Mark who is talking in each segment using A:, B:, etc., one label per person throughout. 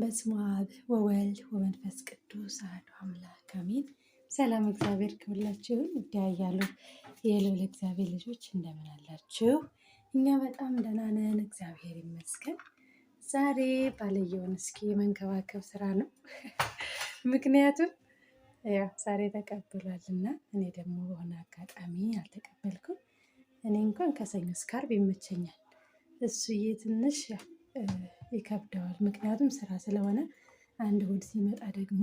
A: በስመ አብ ወወልድ ወመንፈስ ቅዱስ አሐዱ አምላክ አሜን። ሰላም እግዚአብሔር ክብላችሁ ይደያያሉ። የልዑል እግዚአብሔር ልጆች እንደምን አላችሁ? እኛ በጣም ደህና ነን፣ እግዚአብሔር ይመስገን። ዛሬ ባልየውን እስኪ መንከባከብ ስራ ነው። ምክንያቱም ያው ዛሬ ተቀብሏል እና እኔ ደግሞ በሆነ አጋጣሚ አልተቀበልኩም። እኔ እንኳን ከሰኞ እስከ ዓርብ ይመቸኛል። እሱዬ ትንሽ ይከብደዋል። ምክንያቱም ስራ ስለሆነ አንድ እሁድ ሲመጣ ደግሞ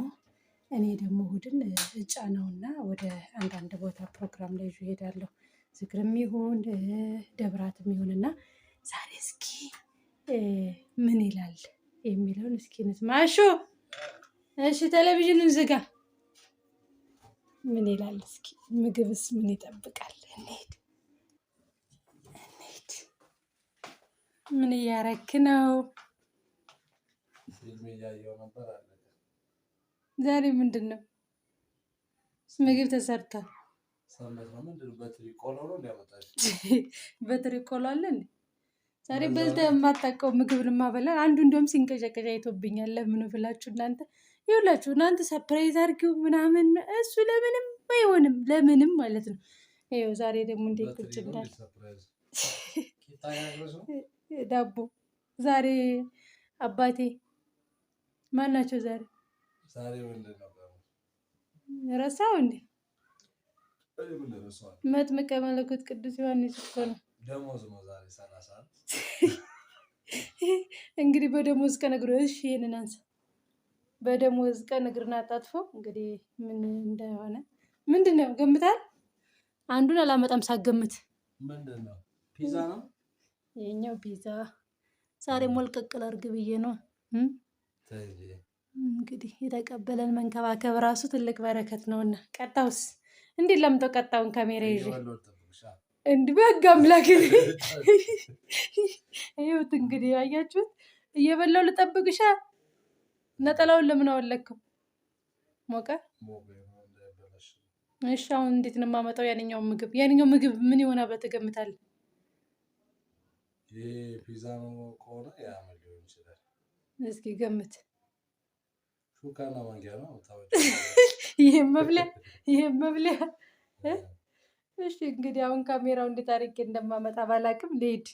A: እኔ ደግሞ እሁድን እጫ ነው እና ወደ አንዳንድ ቦታ ፕሮግራም ላይ ይሄዳለሁ። ዝግርም ይሁን ደብራትም እና ዛሬ እስኪ ምን ይላል የሚለውን እስኪ ንስማሹ። እሺ፣ ቴሌቪዥኑን ዝጋ። ምን ይላል እስኪ? ምግብስ ምን ይጠብቃል? እንሂድ እንሂድ። ምን እያረክ ነው? ዛሬ ምንድን ነው? ምግብ ተሰርቷል። በትሪ ቆሎ አለ። ዛሬ በልተህ የማታውቀው ምግብ ልማበላል። አንዱ እንደውም ሲንቀጨቀጫ አይቶብኛል። ለምን ብላችሁ እናንተ ይውላችሁ እናንተ ሰፕራይዝ አድርጊው ምናምን፣ እሱ ለምንም አይሆንም፣ ለምንም ማለት ነው። ይኸው ዛሬ ደግሞ እንዴት
B: ቁጭ እንዳለ
A: ዳቦ ዛሬ አባቴ ማን ናቸው? ዛሬ ዛሬ ረሳው እንዴ? መጥምቀ መለኮት ቅዱስ ዮሐንስ እኮ ነው።
B: ደሞዝ ነው ዛሬ ሰላሳ
A: እንግዲህ በደሞዝ ቀን እግሮ እሺ፣ ይሄንን አንሳ። በደሞዝ ቀን እግርን አጣጥፎ እንግዲህ ምን እንደሆነ ምንድን ነው ገምታል? አንዱን አላመጣም ሳገምት
B: ምንድን ነው ፒዛ ነው
A: የኛው ፒዛ ዛሬ ሞልቀቅል አድርግ ብዬ ነው። እንግዲህ የተቀበለን መንከባከብ ራሱ ትልቅ በረከት ነውና፣ ቀጣውስ እንዴት ለምጦ ቀጣውን ካሜራ ይዤ እንዲህ በህግ አምላክ ይሁት። እንግዲህ ያያችሁት እየበላው ልጠብቅሻ። ነጠላውን ለምን አወለከው? ሞቀ። እሺ፣ አሁን እንዴት ነው የማመጣው? ያንኛውን ምግብ ያንኛው ምግብ ምን ይሆናል ብለህ ትገምታለህ? እስኪ ገምት።
B: ሹካና ማንኪያ ነው።
A: ይህም መብለያ ይህም መብለያ። እሺ እንግዲህ አሁን ካሜራው እንዴት አድርጌ እንደማመጣ ባላቅም ልሄድ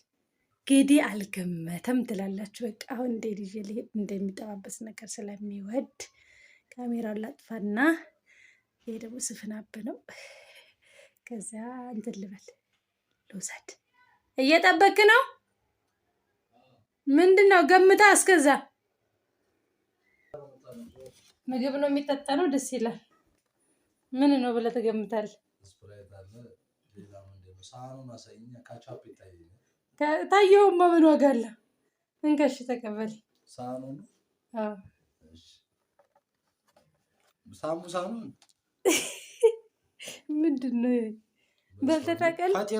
A: ጌዴ አልገመተም ትላላችሁ። በቃ አሁን እንዴ ልጄ ልሄድ እንደሚጠባበስ ነገር ስለሚወድ ካሜራውን ላጥፋና፣ ይሄ ደግሞ ስፍናብ ነው። ከዚያ እንትን ልበል ልውሰድ። እየጠበክ ነው ምንድን ነው ገምታ እስከዛ ምግብ ነው የሚጠጣ ነው ደስ ይላል። ምን ነው ብለህ ትገምታለህ? ታየውም በምን ዋጋ አለ። እንከሽ ተቀበል። ምንድን ነው በልተህ ታውቃለህ?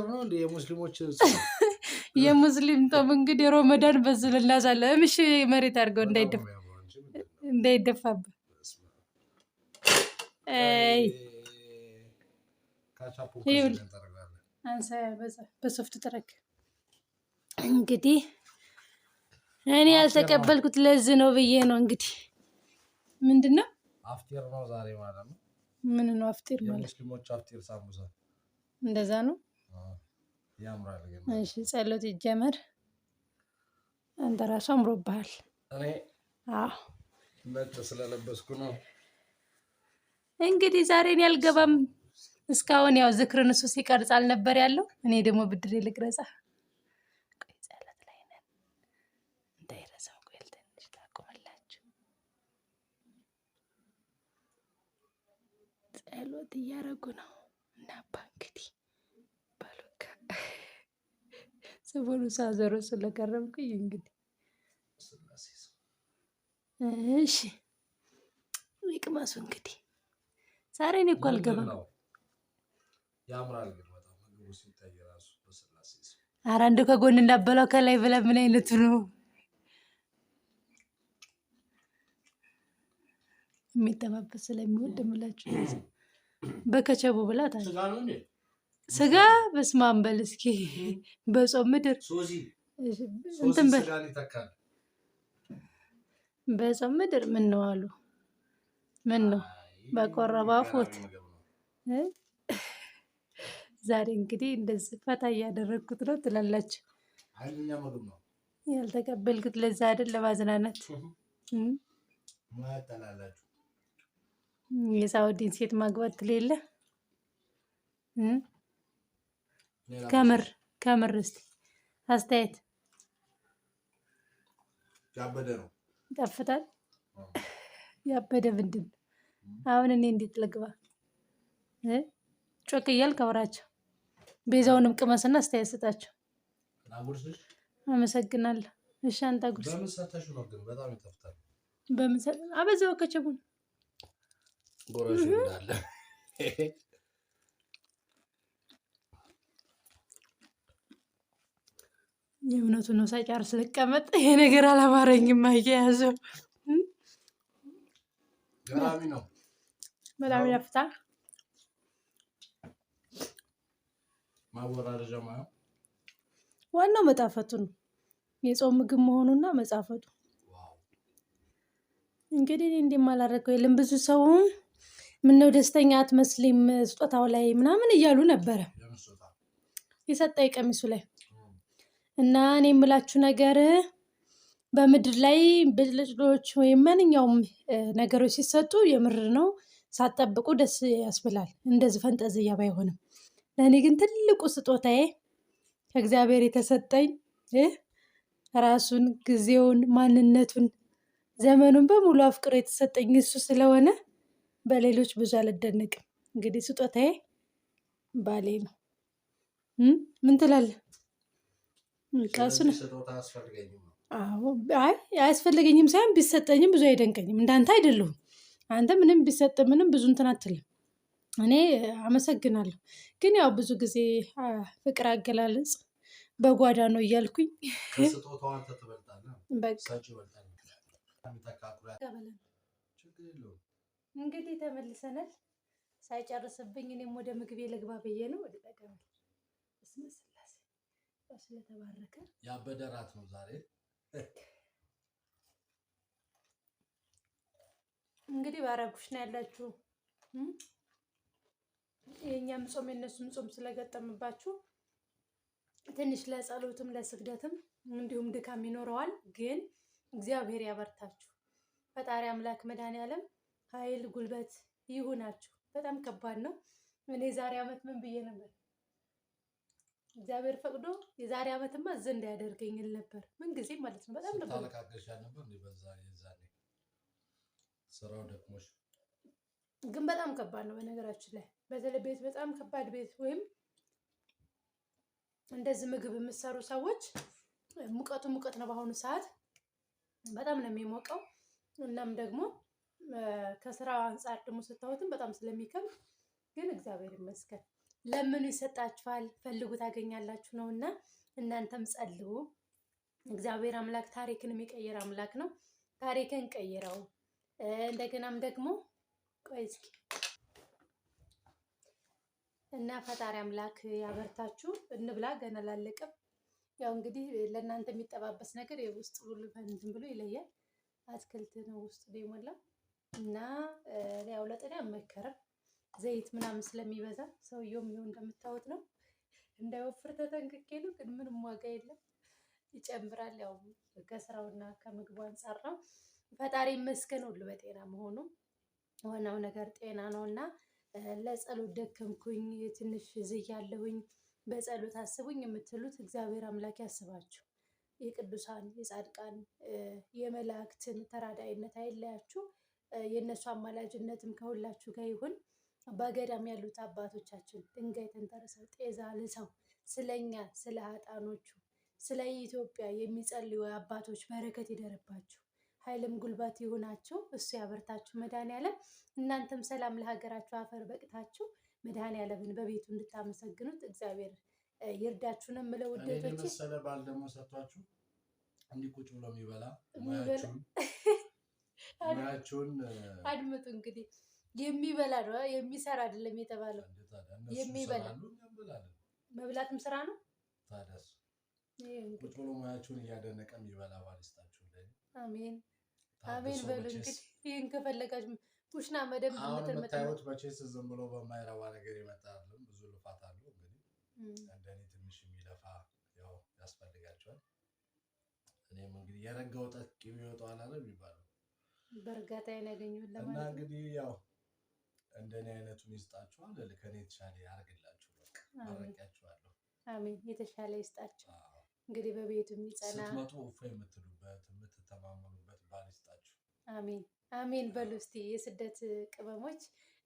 A: ሙስሊሞች የሙስሊም ቶም እንግዲህ ሮመዳን በዝል እናሳለ ምሽ መሬት አድርገው እንዳይደፋብ በሶፍት ትረክ እንግዲህ እኔ ያልተቀበልኩት ለዚህ ነው ብዬ ነው። እንግዲህ ምንድን ነው
B: አፍጢር ነው ዛሬ ማለት ነው።
A: ምን ነው አፍጢር
B: ማለት ሙስሊሞች አፍጢር
A: እንደዛ ነው። እሺ ጸሎት ይጀመር። አንተ ራሱ አምሮብሃል።
B: እኔ አዎ ነጭ ስለለበስኩ ነው።
A: እንግዲህ ዛሬ እኔ አልገባም። እስካሁን ያው ዝክርን እሱ ሲቀርጽ አልነበር ያለው። እኔ ደግሞ ብድሬ ልቅረጻ። ቆይ ጸሎት ጸሎት እያደረጉ ነው እና አባ እንግዲህ ጽፉን ሳዞረ ስለገረምኩኝ እንግዲህ እሺ ይቅመሱ። እንግዲህ ዛሬ እኔ እኮ አልገባም። ኧረ አንዱ ከጎን እንዳበላው ከላይ ብላ ምን አይነቱ ነው የሚጠባበስ ስለሚወድ ምላችሁ በከቸቡ ብላት አለ ስጋ በስማንበል በል እስኪ በጾም ምድር እንትን በል በጾም ምድር ምን ነው አሉ ምን ነው በቆረባ ፎት ዛሬ እንግዲህ እንደዚህ ፈታ እያደረግኩት ነው ትላላችሁ። ያልተቀበልኩት ለዛ አይደል ለማዝናናት የሳውዲን ሴት ማግባት ትሌለ ከምር ከምር እስኪ አስተያየት ያበደ ነው ይጣፍጣል። ያበደ ምንድን አሁን? እኔ እንዴት ልግባ? ጮክ እያልክ አውራቸው። ቤዛውንም ቅመስና አስተያየት ስጣቸው። አመሰግናለሁ። እሺ አንተ ጉርስ በምን አበዛው ከቸቡን የእምነቱ ነው ሳይጨርስ ልቀመጥ። ይሄ ነገር አላማረኝም። አያያዘው በጣም ያፍታል። ዋናው መጣፈቱ ነው፣ የጾም ምግብ መሆኑና መጣፈቱ። እንግዲህ እኔ አላረገው የለም። ብዙ ሰው ምነው ደስተኛ አትመስሊም ስጦታው ላይ ምናምን እያሉ ነበረ የሰጠ ቀሚሱ ላይ እና እኔ የምላችሁ ነገር በምድር ላይ ብልጭሎች ወይም ማንኛውም ነገሮች ሲሰጡ የምር ነው ሳትጠብቁ ደስ ያስብላል። እንደዚህ ፈንጠዝያ ባይሆንም ለእኔ ግን ትልቁ ስጦታዬ ከእግዚአብሔር የተሰጠኝ ራሱን፣ ጊዜውን፣ ማንነቱን፣ ዘመኑን በሙሉ አፍቅሮ የተሰጠኝ እሱ ስለሆነ በሌሎች ብዙ አልደነቅም። እንግዲህ ስጦታዬ ባሌ ነው። ምን ትላለህ? አያስፈልገኝም ሳይሆን ቢሰጠኝም ብዙ አይደንቀኝም። እንዳንተ አይደለሁም። አንተ ምንም ቢሰጥ ምንም ብዙ እንትን አትልም። እኔ አመሰግናለሁ፣ ግን ያው ብዙ ጊዜ ፍቅር አገላለጽ በጓዳ ነው እያልኩኝ እንግዲህ ተመልሰናል። ሳይጨርስብኝ እኔም ወደ ምግቤ ልግባ ብዬ ነው ወደ
B: ስለተባረከ ያበደ ነው ዛሬ።
A: እንግዲህ ባረጉሽ ነው ያላችሁ። የእኛም ጾም የእነሱም ጾም ስለገጠምባችሁ ትንሽ ለጸሎትም ለስግደትም እንዲሁም ድካም ይኖረዋል። ግን እግዚአብሔር ያበርታችሁ። ፈጣሪ አምላክ መድኃኔዓለም ኃይል ጉልበት ይሁናችሁ። በጣም ከባድ ነው። እኔ ዛሬ ዓመት ምን ብዬ ነበር እግዚአብሔር ፈቅዶ የዛሬ ዓመትማ ዘንድ እንዳያደርገኝ ነበር። ምንጊዜ ማለት ነው። በጣም
B: ነበር ስራው ደክሞሽ፣
A: ግን በጣም ከባድ ነው። በነገራችን ላይ በተለይ ቤት በጣም ከባድ ቤት ወይም እንደዚህ ምግብ የምትሰሩ ሰዎች ሙቀቱ ሙቀት ነው። በአሁኑ ሰዓት በጣም ነው የሚሞቀው። እናም ደግሞ ከስራ አንጻር ደግሞ ስታወትም በጣም ስለሚከብድ ግን እግዚአብሔር ይመስገን ለምኑ ይሰጣችኋል፣ ፈልጉ ታገኛላችሁ ነው እና እናንተም ጸልዩ። እግዚአብሔር አምላክ ታሪክን የሚቀይር አምላክ ነው። ታሪክን ቀይረው። እንደገናም ደግሞ ቆይ እስኪ እና ፈጣሪ አምላክ ያበርታችሁ። እንብላ፣ ገና አላለቀም። ያው እንግዲህ ለእናንተ የሚጠባበስ ነገር የውስጥ ሁሉ እንትን ብሎ ይለያል። አትክልት ነው ውስጥ የሞላው እና ያው ለጤና አይመከርም። ዘይት ምናምን ስለሚበዛ ሰውየውም ይኸው እንደምታዩት ነው። እንዳይወፍር ተጠንቅቄ ነው፣ ግን ምንም ዋጋ የለም ይጨምራል። ያው ከስራውና ከምግቡ አንጻር ነው። ፈጣሪ ይመስገን ሁሉ በጤና መሆኑ ዋናው ነገር ጤና ነው እና ለጸሎት ደከምኩኝ ትንሽ ዝያለሁኝ በጸሎት አስቡኝ የምትሉት እግዚአብሔር አምላክ ያስባችሁ። የቅዱሳን የጻድቃን የመላእክትን ተራዳይነት አይለያችሁ። የእነሱ አማላጅነትም ከሁላችሁ ጋር ይሁን። በገዳም ያሉት አባቶቻችን ድንጋይ ተንተርሰው ጤዛ ልሰው ስለኛ ስለ ሀጣኖቹ ስለ ኢትዮጵያ የሚጸልዩ አባቶች በረከት ይደርባችሁ፣ ኃይልም ጉልበት ይሁናችሁ፣ እሱ ያበርታችሁ መድኃኔዓለም። እናንተም ሰላም ለሀገራችሁ አፈር በቅታችሁ መድኃኔዓለምን በቤቱ እንድታመሰግኑት እግዚአብሔር ይርዳችሁ ነው የምለው።
B: ውደቶች ባል ደግሞ ሰጥቷችሁ እንዲህ ቁጭ ብሎ የሚበላ ሙያችሁን
A: አድምጡ እንግዲህ የሚበላ ነው የሚሰራ አይደለም የተባለው። የሚበላ መብላትም ስራ ነው።
B: ቁጭ ብሎ ሙያችሁን እያደነቀ የሚበላ ባልስታችሁ።
A: አሜን አሜን በሉ እንግዲህ ይህን ከፈለጋችሁ ኩሽና መደብ
B: የምታዩት መቼስ ዝም ብሎ በማይረባ ነገር የመጣ ብዙ ልፋት አለው። እንግዲህ እንደኔ ትንሽ የሚለፋ ያው ያስፈልጋቸዋል። እኔም እንግዲህ የረጋው ወጣት የሚወጣው አላለም አይደል የሚባለው።
A: በእርጋታ ያገኙት
B: ለማለት እና እንግዲህ ያው እንደኔ አይነቱን ይስጣችሁ። ከኔ የተሻለ ያደርግላችሁ። በቃ አረቂያችኋለሁ።
A: አሜን። የተሻለ ይስጣችሁ። እንግዲህ በቤቱ የሚጸና
B: ስትመጡ እፎ የምትሉበት የምትተማመኑበት ባል ይስጣችሁ።
A: አሜን አሜን። በሉ እስቲ የስደት ቅመሞች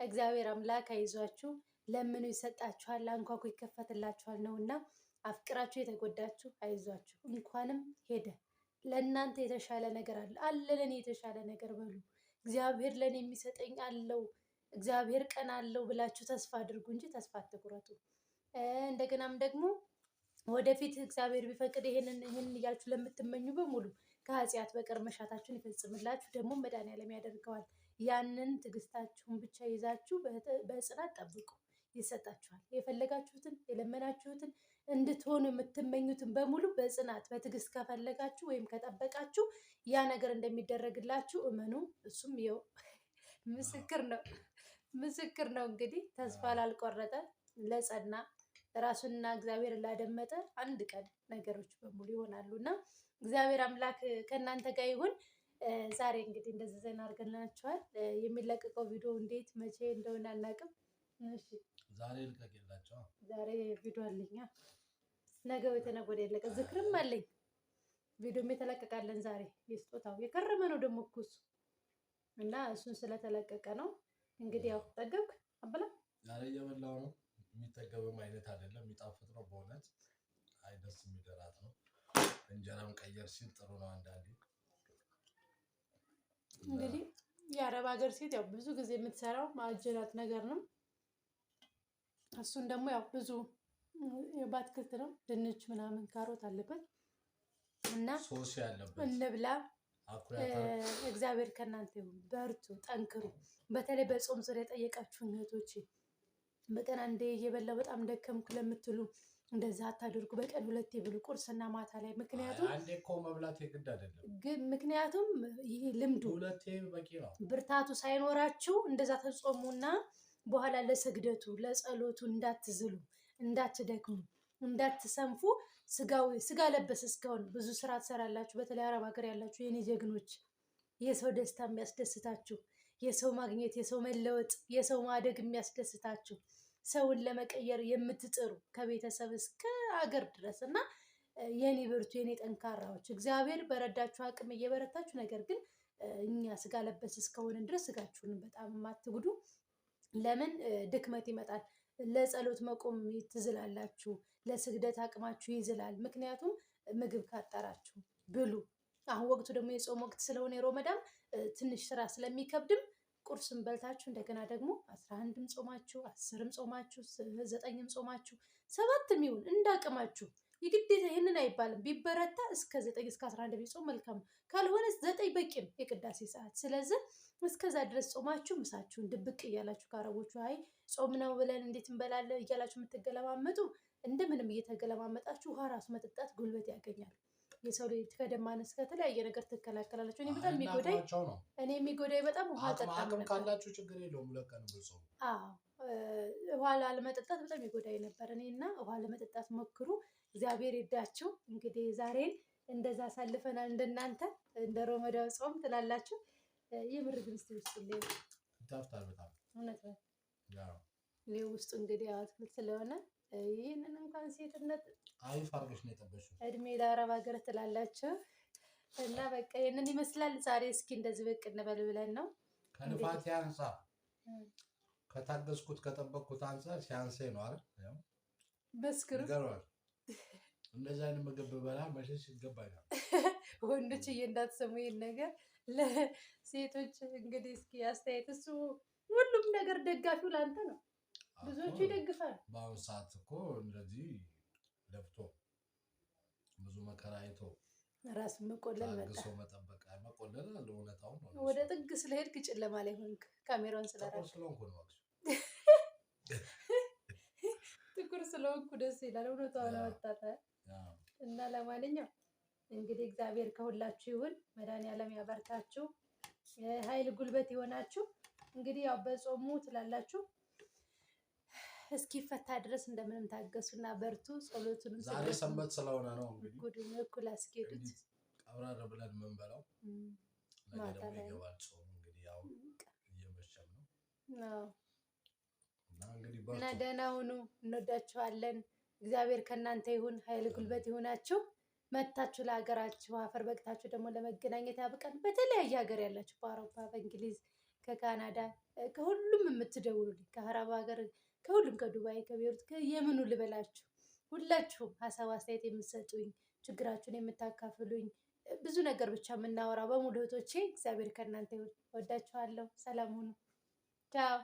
A: እግዚአብሔር አምላክ አይዟችሁ። ለምኑ ይሰጣችኋል፣ አንኳኩ ይከፈትላችኋል ነው እና አፍቅራችሁ የተጎዳችሁ አይዟችሁ። እንኳንም ሄደ ለእናንተ የተሻለ ነገር አለ አለ ለእኔ የተሻለ ነገር በሉ እግዚአብሔር ለእኔ የሚሰጠኝ አለው እግዚአብሔር ቀን አለው ብላችሁ ተስፋ አድርጉ እንጂ ተስፋ አትቁረጡ። እንደገናም ደግሞ ወደፊት እግዚአብሔር ቢፈቅድ ይህንን ይህንን እያችሁ ለምትመኙ በሙሉ ከኃጢአት በቀር መሻታችሁን ይፈጽምላችሁ፣ ደግሞ መድኃኒዓለም ያደርገዋል። ያንን ትዕግስታችሁን ብቻ ይዛችሁ በጽናት ጠብቁ፣ ይሰጣችኋል። የፈለጋችሁትን የለመናችሁትን እንድትሆኑ የምትመኙትን በሙሉ በጽናት በትዕግስት ከፈለጋችሁ ወይም ከጠበቃችሁ ያ ነገር እንደሚደረግላችሁ እመኑ። እሱም ይኸው ምስክር ነው። ምስክር ነው እንግዲህ ተስፋ ላልቆረጠ ለጸና ራሱንና እግዚአብሔር ላደመጠ አንድ ቀን ነገሮች በሙሉ ይሆናሉ እና እግዚአብሔር አምላክ ከእናንተ ጋር ይሁን። ዛሬ እንግዲህ እንደዚህ ዜና አድርገናችኋል። የሚለቀቀው ቪዲዮ እንዴት መቼ እንደሆነ አናውቅም።
B: ዛሬ ልቀቅላቸው።
A: ዛሬ ቪዲዮ አለኛ ነገ የተነጎደ የለቀ ዝክርም አለኝ። ቪዲዮም የተለቀቃለን ዛሬ የስጦታው የከረመ ነው ደግሞ እኮ እሱ እና እሱን ስለተለቀቀ ነው እንግዲህ ያው ጠገብክ አበላ
B: ዛሬ እየበላሁ ነው። የሚጠገብም አይነት አይደለም። የሚጣፍጥ ነው በእውነት አይ ደስ የሚደራት ነው። እንጀራም ቀየር ሲል ጥሩ ነው። አንዳንዴ
A: እንግዲህ የአረብ ሀገር ሴት ያው ብዙ ጊዜ የምትሰራው ማጀራት ነገር ነው። እሱን ደግሞ ያው ብዙ በአትክልት ነው ድንች ምናምን ካሮት አለበት እና
B: ሶስ ያለበት
A: እንብላ እግዚአብሔር ከእናንተ ይሁን። በርቱ፣ ጠንክሩ። በተለይ በጾም ዙሪያ የጠየቃችሁ እህቶች በቀን አንዴ እየበላው በጣም ደከምኩ ለምትሉ እንደዛ አታድርጉ። በቀን ሁለቴ ብሉ፣ ቁርስና ማታ ላይ። ምክንያቱም
B: አንዴ እኮ መብላት የግድ አይደለም።
A: ግን ምክንያቱም ይህ ልምዱ
B: ሁለቴ በቂ ነው።
A: ብርታቱ ሳይኖራችሁ እንደዛ ተጾሙና በኋላ ለስግደቱ ለጸሎቱ እንዳትዝሉ፣ እንዳትደክሙ፣ እንዳትሰንፉ ስጋዊ ስጋ ለበስ እስካሁን ብዙ ስራ ትሰራላችሁ። በተለይ አረብ ሀገር ያላችሁ የኔ ጀግኖች፣ የሰው ደስታ የሚያስደስታችሁ፣ የሰው ማግኘት፣ የሰው መለወጥ፣ የሰው ማደግ የሚያስደስታችሁ፣ ሰውን ለመቀየር የምትጥሩ ከቤተሰብ እስከ አገር ድረስ እና የኔ ብርቱ የኔ ጠንካራዎች እግዚአብሔር በረዳችሁ አቅም እየበረታችሁ ነገር ግን እኛ ስጋ ለበስ እስከሆንን ድረስ ስጋችሁንም በጣም የማትጉዱ ለምን ድክመት ይመጣል። ለጸሎት መቆም ትዝላላችሁ፣ ለስግደት አቅማችሁ ይዝላል። ምክንያቱም ምግብ ካጠራችሁ ብሉ። አሁን ወቅቱ ደግሞ የጾም ወቅት ስለሆነ የሮመዳን ትንሽ ስራ ስለሚከብድም ቁርስም በልታችሁ እንደገና ደግሞ አስራ አንድም ጾማችሁ አስርም ጾማችሁ ዘጠኝም ጾማችሁ ሰባትም ይሁን እንዳቅማችሁ የግዴታ ይህንን አይባልም። ቢበረታ እስከ ዘጠኝ እስከ አስራ አንድ ቢጾም መልካም ነው። ካልሆነ ዘጠኝ በቂ ነው የቅዳሴ ሰዓት። ስለዚህ እስከዛ ድረስ ጾማችሁ ምሳችሁን ድብቅ እያላችሁ ከአረቦቹ አይ ጾም ነው ብለን እንዴት እንበላለን እያላችሁ የምትገለማመጡ እንደምንም እየተገለማመጣችሁ ውሃ ራሱ መጠጣት ጉልበት ያገኛል። የሰው ልጅ ከደማነስ ከተለያየ ነገር ትከላከላላችሁ። እኔ በጣም የሚጎዳኝ እኔ የሚጎዳኝ በጣም
B: ውሃ ጠጣም ካላችሁ ችግር የለውም ሁለት ቀን ብጾም።
A: ውሃ ላለመጠጣት በጣም ይጎዳኝ ነበር እኔ እና ውሃ ለመጠጣት ሞክሩ። እግዚአብሔር ይዳችሁ። እንግዲህ ዛሬን እንደዛ አሳልፈናል። እንደናንተ እንደ ሮመዳው ጾም ትላላችሁ። የምር ግን እስኪ ውስጡልኝ እውነት ነው። ውስጡ እንግዲህ አትክልት ስለሆነ ይህንን እንኳን ሴትነት
B: አሪፍ አድርገሽ ነው የጠበሽው።
A: እድሜ ለአረብ ሀገር ትላላችሁ እና በቃ ይህንን ይመስላል ዛሬ። እስኪ እንደዚህ ብቅ እንበል ብለን ነው
B: ከልፋት ያንሳ ከታገዝኩት ከጠበቅኩት አንጻር ሲያንሰኝ ነው አይደል? መስክሩ እንደዚህ አይነት ምግብ ብበላ መሸሽ ይገባኛል።
A: ወንዶችዬ እንዳትሰሙ ይሄን ነገር ለሴቶች እንግዲህ እስኪ አስተያየት። እሱ ሁሉም ነገር ደጋፊው ለአንተ ነው። ብዙዎቹ ይደግፋል።
B: በአሁኑ ሰዓት እኮ እንደዚህ ለብቶ ብዙ መከራ አይቶ
A: ራስ መቆለል
B: መጣ መጠበቅ መቆለል አለ። እውነታውን
A: ወደ ጥግ ስለሄድክ ጨለማ ላይ ሆንክ። ካሜራውን ስለራቅ
B: ስለሆንኩ ነው
A: ሽንኩር ስለሆንኩ ደስ ይላል። እውነቷ ወጣት እና ለማንኛው እንግዲህ እግዚአብሔር ከሁላችሁ ይሁን። መድኃኒዓለም ያበርታችሁ፣ ኃይል ጉልበት ይሆናችሁ። እንግዲህ ያው በጾሙ ትላላችሁ እስኪፈታ ድረስ እንደምንም ታገሱና በርቱ። ጸሎቱንም
B: ዛሬ ሰንበት ስለሆነ ነው እንግዲህ
A: ጉድም እኩል አስኬዱት
B: ቀብረር ብለን የምንበላው ማታ ላይ ይገባል። ጾም እንግዲህ ያው እየመሸም ነው
A: እና ደህና ሁኑ። እንወዳችኋለን። እግዚአብሔር ከእናንተ ይሁን፣ ኃይል ጉልበት ይሁናችሁ። መታችሁ ለሀገራችሁ አፈር በቅታችሁ ደግሞ ለመገናኘት ያብቃን። በተለያየ ሀገር ያላችሁ በአውሮፓ፣ በእንግሊዝ፣ ከካናዳ፣ ከሁሉም የምትደውሉልኝ ከአረብ ሀገር፣ ከሁሉም ከዱባይ፣ ከቤሩት፣ የምኑ ልበላችሁ ሁላችሁም ሀሳብ አስተያየት የምትሰጡኝ ችግራችሁን የምታካፍሉኝ ብዙ ነገር ብቻ የምናወራ በሙሉ እህቶቼ እግዚአብሔር ከእናንተ ይሁን። ወዳችኋለሁ። ሰላም ሁኑ። ቻው